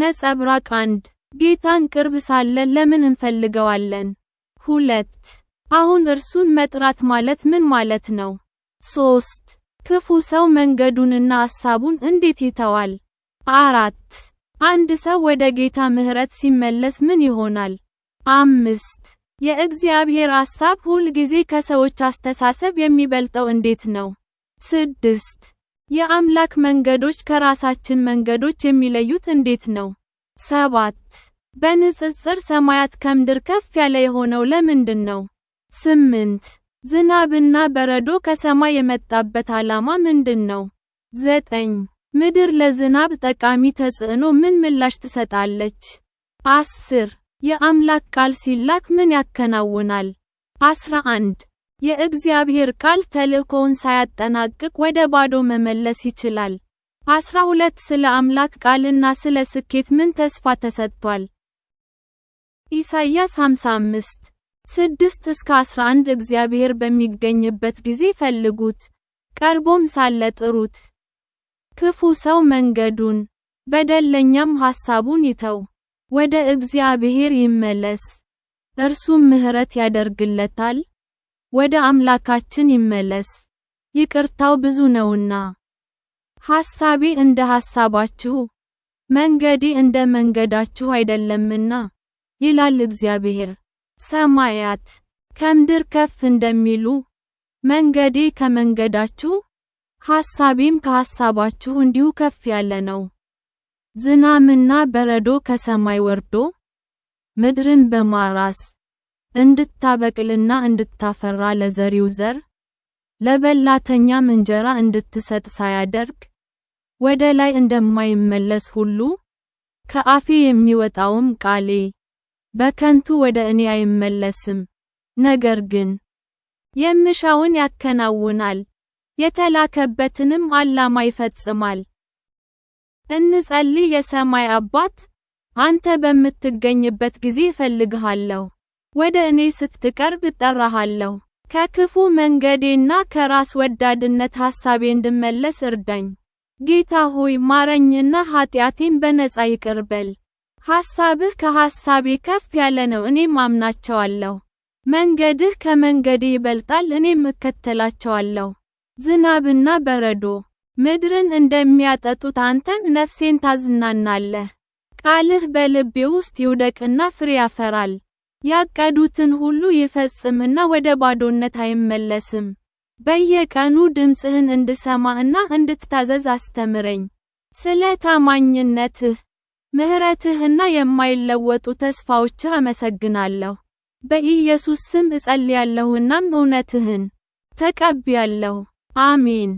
ነጸብራቅ አንድ ጌታን ቅርብ ሳለን ለምን እንፈልገዋለን? ሁለት አሁን እርሱን መጥራት ማለት ምን ማለት ነው? ሶስት ክፉ ሰው መንገዱንና ሐሳቡን እንዴት ይተዋል? አራት አንድ ሰው ወደ ጌታ ምሕረት ሲመለስ ምን ይሆናል? አምስት የእግዚአብሔር ሐሳብ ሁል ጊዜ ከሰዎች አስተሳሰብ የሚበልጠው እንዴት ነው? ስድስት የአምላክ መንገዶች ከራሳችን መንገዶች የሚለዩት እንዴት ነው? ሰባት በንጽጽር ሰማያት ከምድር ከፍ ያለ የሆነው ለምንድን ነው? ስምንት ዝናብና በረዶ ከሰማይ የመጣበት ዓላማ ምንድን ነው? ዘጠኝ ምድር ለዝናብ ጠቃሚ ተጽዕኖ ምን ምላሽ ትሰጣለች? አስር የአምላክ ቃል ሲላክ ምን ያከናውናል? 11. የእግዚአብሔር ቃል ተልእኮውን ሳያጠናቅቅ ወደ ባዶ መመለስ ይችላል። 12 ስለ አምላክ ቃልና ስለ ስኬት ምን ተስፋ ተሰጥቷል? ኢሳይያስ 55 6 እስከ 11 እግዚአብሔር በሚገኝበት ጊዜ ፈልጉት፣ ቀርቦም ሳለ ጥሩት። ክፉ ሰው መንገዱን በደለኛም ሐሳቡን ይተው፣ ወደ እግዚአብሔር ይመለስ፣ እርሱም ምሕረት ያደርግለታል ወደ አምላካችን ይመለስ፣ ይቅርታው ብዙ ነውና። ሐሳቤ እንደ ሐሳባችሁ፣ መንገዴ እንደ መንገዳችሁ አይደለምና ይላል እግዚአብሔር። ሰማያት ከምድር ከፍ እንደሚሉ መንገዴ ከመንገዳችሁ ሐሳቤም ከሐሳባችሁ እንዲሁ ከፍ ያለ ነው። ዝናምና በረዶ ከሰማይ ወርዶ ምድርን በማራስ እንድታበቅልና እንድታፈራ ለዘሪው ዘር ለበላተኛም እንጀራ እንድትሰጥ ሳያደርግ ወደ ላይ እንደማይመለስ ሁሉ ከአፌ የሚወጣውም ቃሌ በከንቱ ወደ እኔ አይመለስም። ነገር ግን የምሻውን ያከናውናል፣ የተላከበትንም ዓላማ ይፈጽማል። እንጸልይ። የሰማይ አባት፣ አንተ በምትገኝበት ጊዜ እፈልግሃለሁ። ወደ እኔ ስትቀርብ እጠራሃለሁ። ከክፉ መንገዴና ከራስ ወዳድነት ሐሳቤ እንድመለስ እርዳኝ። ጌታ ሆይ ማረኝና ኃጢአቴን በነጻ ይቅርበል። ሐሳብህ ከሐሳቤ ከፍ ያለ ነው እኔም አምናቸዋለሁ። መንገድህ ከመንገዴ ይበልጣል እኔም እከተላቸዋለሁ። ዝናብና በረዶ ምድርን እንደሚያጠጡት አንተም ነፍሴን ታዝናናለህ። ቃልህ በልቤ ውስጥ ይውደቅና ፍሬ ያፈራል። ያቀዱትን ሁሉ ይፈጽምና ወደ ባዶነት አይመለስም። በየቀኑ ድምፅህን እንድሰማና እንድትታዘዝ አስተምረኝ። ስለ ታማኝነትህ፣ ምሕረትህና የማይለወጡ ተስፋዎችህ አመሰግናለሁ። በኢየሱስ ስም እጸልያለሁናም እውነትህን ተቀብያለሁ። አሜን።